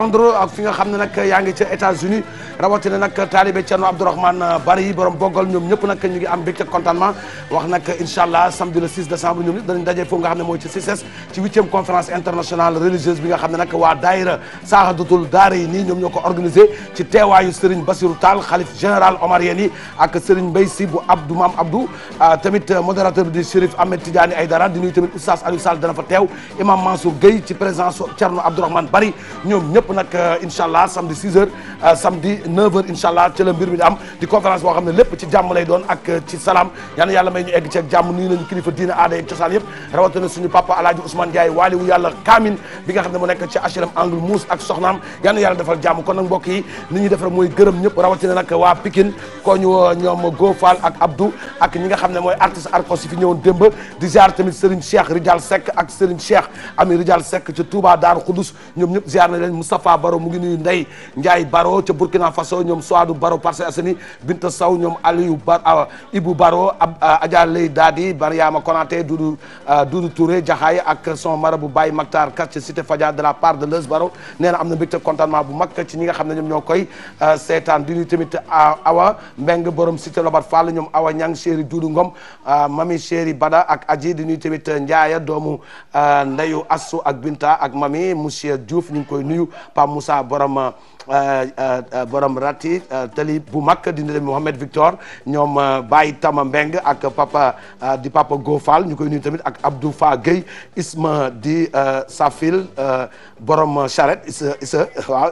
Londres ak fi nga xam ne nag yaa ngi ca États-Unis rawatina nag taalibe Thierno Abdourahmane Bari borom boggal ñoom ñëpp nag ñu ngi am mbégte contentement wax nag incha allah samedi le 6 décembre ñoom ñëpp danañ daje foofu nga xam ne mooy ci CICES ci huitième conférence internationale religieuse bi nga xam ne nag waa daayira Saxadatul Daara yi nii ñoom ñoo ko organisé ci teewaayu Serigne Bassirou Tall xalif général omarien yi ak Serigne Mbaye Sy bu Abdou Maam Abdou ah, tamit modérateur bi di Chérif Ahmed Tidiane Aydara di nuyu tamit Oustaz Aliou Sall dana fa teew imam Mansour Gueye ci présence Thierno Abdourahmane Bari ñoom ñëpp yëpp nag euh, incha allah samedi 6h euh, la mbir mi di am di conférence boo xam ne lépp ci jàmm lay doon ak euh, ci salaam yal na yàlla may ñu egg ci ak jàmm nuyu nañu kilifa diine aada yeeg cosaan yëpp rawatina suñu papa alaaji Ousmane Ndiaye waaliwu yàlla kaamin bi xam ne mu nekk ci HLM angle Mousse ak soxnaam yal na yàlla defal kon nag mbokk yi defar mooy gërëm ñëpp rawatina nag waa Pikine ko ñu ñoom Go Fall ak Abdou ak ñi xam ne mooy artiste Moustapha Baro mu ngi nuyu Ndeye Ndiaye Baro ca Burkina faço ñoom Soadou Baro Parcelles Assainies Binta Sow ñoom Aliou Bar ah, Ibou Baro ah, Adja Lay Dadi Mariama Konaté du du ture Jaxaay ak son marabu Baye Maktar Kat ci cité Fadia de la part de Leus Baro nee am na mbégte contentement bu mag ci ñi nga xam ne ñoom ñoo koy ah, seetaan di nuyu tamit Awa Mbeng borom cité Lobat Fall ñoom Awa Ñang chéri Doudou Ngom mami chéri Bada ak Adji di nuyu tamit Ndiaye doomu Ndeyu Assu ak Binta ak monsieur Diouf ñu ngi koy nuyu Pape Moussa borom euh, euh, euh, borom rati tali bu mag di nuyu Mohamed Victor ñoom Baye Tama Mbeng ak papa di papa Gofal ñu koy nuyu tamit ak Abdou Fa Gueye Isma di Safil borom charrette Isa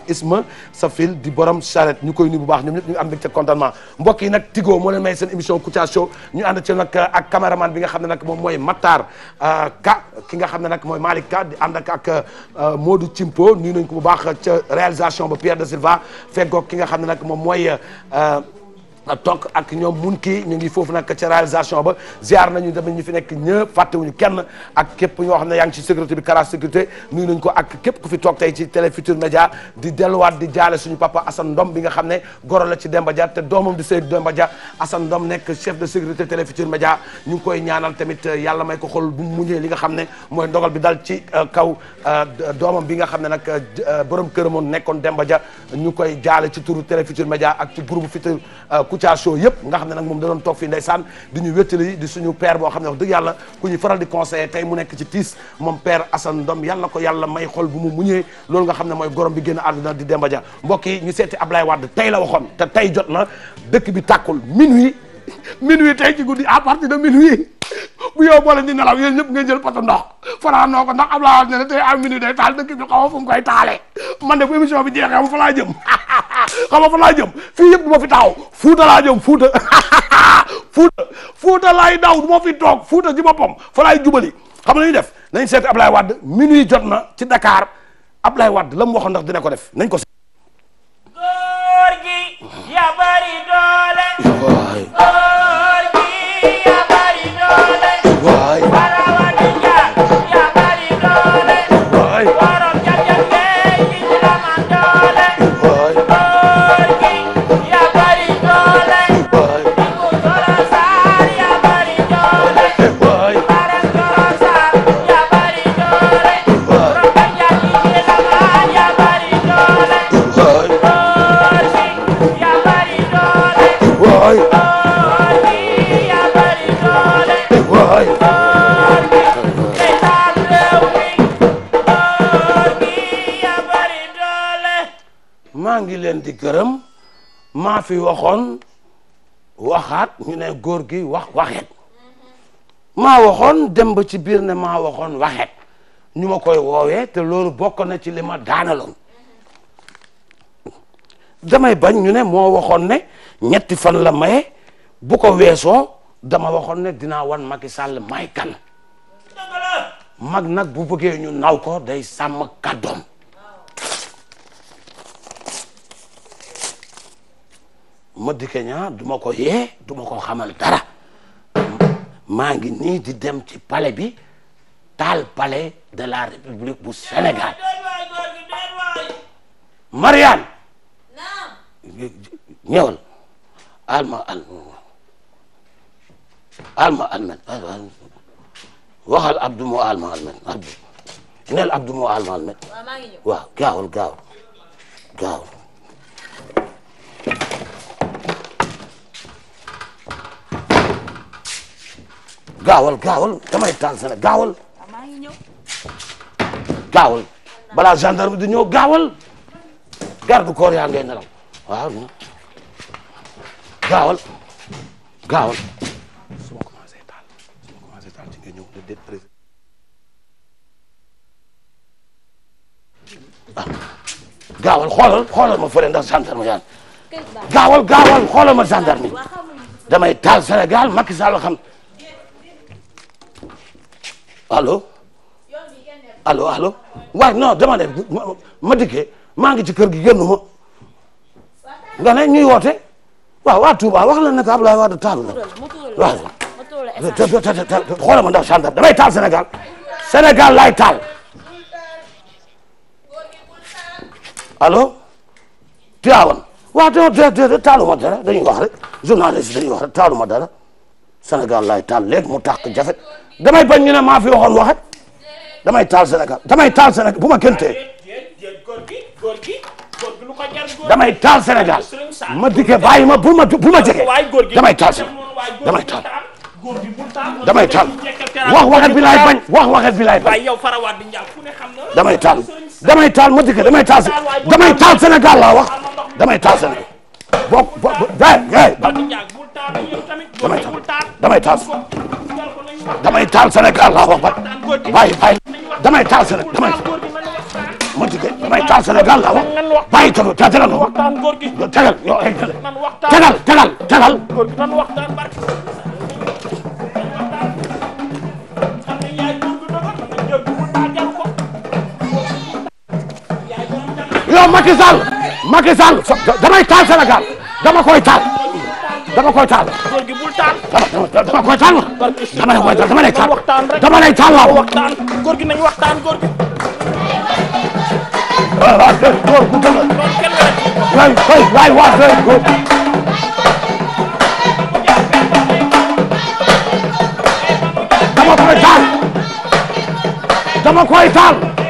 Isma Safil di borom charrette ñu koy nuyu bu baax ñoom ñëpp ñu ngi am mbégte contentement mbokk Tigo moo leen may seen émission Kouthia Show ñu ànd ci nag ak caméraman bi nga xam ne nag moom mooy Matar Ka ki nga xam ne nag mooy Malick Ka di ànd ak ak Modou Cimpo nuyu nañ ko bu baax. ca réalisation ba Pierre de Silva fekkoog ki nga xam ne nag moom mooy euh, donc ak ñoom mun kii ñu ngi foofu nag ca réalisation ba ziar nañu dem ñu fi nekk ñëpp fàttewuñu kenn ak képp ñoo xam ne yaa ngi ci sécurité bi kara sécurité nuyu nañ ko ak képp ku fi toog tey ci télé Futur Média di delluwaat di jaale suñu papa Assane Ndom bi nga xam ne goro la ci Demba Dia te doomam di sëy Demba Dia Assane Ndom nekk chef de sécurité télé Futur Média ñu ngi koy ñaanal tamit euh, yàlla may ko xol bu muñee li nga xam ne mooy ndogal bi dal ci euh, kaw euh, doomam bi nga xam ne nag borom këramoon nekkoon Demba Dia ñu koy jaale ci turu télé Média ak ci groupe Futur Kouthia Show yëpp nga xam ne nag moom da doon toog fii ndeysaan di ñu wéttali di suñu père boo xam ne wax dëgg yàlla ku ñu faral di conseiller tey mu nekk ci tiis moom père Assane Ndom yàlla ko yàlla may xol bu mu muñee loolu nga xam ne mooy gorom bi génn àdduna di Demba Dia mbokk ñu seeti Ablaye Wade tey la waxoon te tey jot na dëkk bi tàkkul minuit minuit tey ci guddi à partir de minuit bu yow boo leen di nelaw yéen ñëpp ngeen jël poto ndox fanaanoo ko ndax Abdoulaye Wade ne tey am minute day taal dëkk bi xaw ma fu koy taalee man de bu émission bi jeexee ma fa laa jëm xaw ma fa laa jëm fii yëpp du fi taaw fuuta laa jëm fuuta fuuta fuuta laay daw du ma fi toog fuuta ci boppam fa laay jubali xam nañu def nañ seet Abdoulaye Wade minuit jot na ci Dakar Abdoulaye Wade la mu waxoon ndax dina ko def nañ ko maa fi waxoon waxaat ñu ne góor gi wax waxet maa waxoon dem ci biir ne maa waxoon waxet ñu ma koy woowee te loolu bokk na ci lima ma daanaloon damay bañ ñu ne moo waxoon ne ñetti fan la maye bu ko weesoo dama waxoon ne dinaa wan magi Sall may kan mag nag bu bëggee ñu naw ko day sàmm kàddoom ma dikke ñaa du ma ko yee du ma ko xamal dara maa ngi nii di dem ci pale bi taal pale de la république bu Sénégal Marianne ñëwal alma al alma almet waxal abdu moo alma almet abdu neel abdu moo alma almet waaw gaawal gaawal gaawal gaawal gaawal damay taal sa gaawal gaawal balaa gendarme di ñëw gaawal garde corps yaa ngay nelaw waaw gaawal gaawal su ma commencé taal su ma commencé taal ci nga ñëw de déet président ah. gaawal xoolal xoolal ma fële ndax gendarme yaa gaawal gaawal xoolal ma gendarme damay taal Sénégal Macky Sall xam allo allo allo waaye non dama ne ma dikkee maa ngi ci kër gi génn ma nga ne ñuy woote waaw waa Touba wax la ne ko Abdoulaye Wade taal da waaw xoolal ma ndax gendarme damay taal Sénégal Sénégal laay taal allo Tivaouane waaw déedéet taaluma dara dañuy wax rek journaliste dañuy wax rek taaluma dara Sénégal laay taal léegi mu tàkk jafet damay bañ ñu ne maa fi waxoon damay taal senegal damay taal Sénégal bu ma kenn tee damay taal Sénégal ma dikkee bàyyi ma bu ma bu ma jege damay taal damay taal damay taal wax waxat bi laay bañ wax waxat bi laay bañ damay taal damay taal ma dikkee damay taal damay taal Sénégal laa wax damay taal Sénégal boo boo damay taal damay taal damay taal Sénégal laa wax bàyyi bàyyi damay taal Sénégal damay ma tike damay taal Sénégal laa wax bàyyi taw ta tegal ma tegal yow eggale tegal tegal tegal. yow Macky Sall Macky Sall damay taal Sénégal dama koy taal dama koy taal. dama koy tàll. dama koy tàll dama lay tàll dama lay tàll waaw. góor gi nañu waxtaan góor gi. waaw waaw déet góor gu dëgg. waay waay waay waay déet góor. dama koy tàll. dama koy tàll.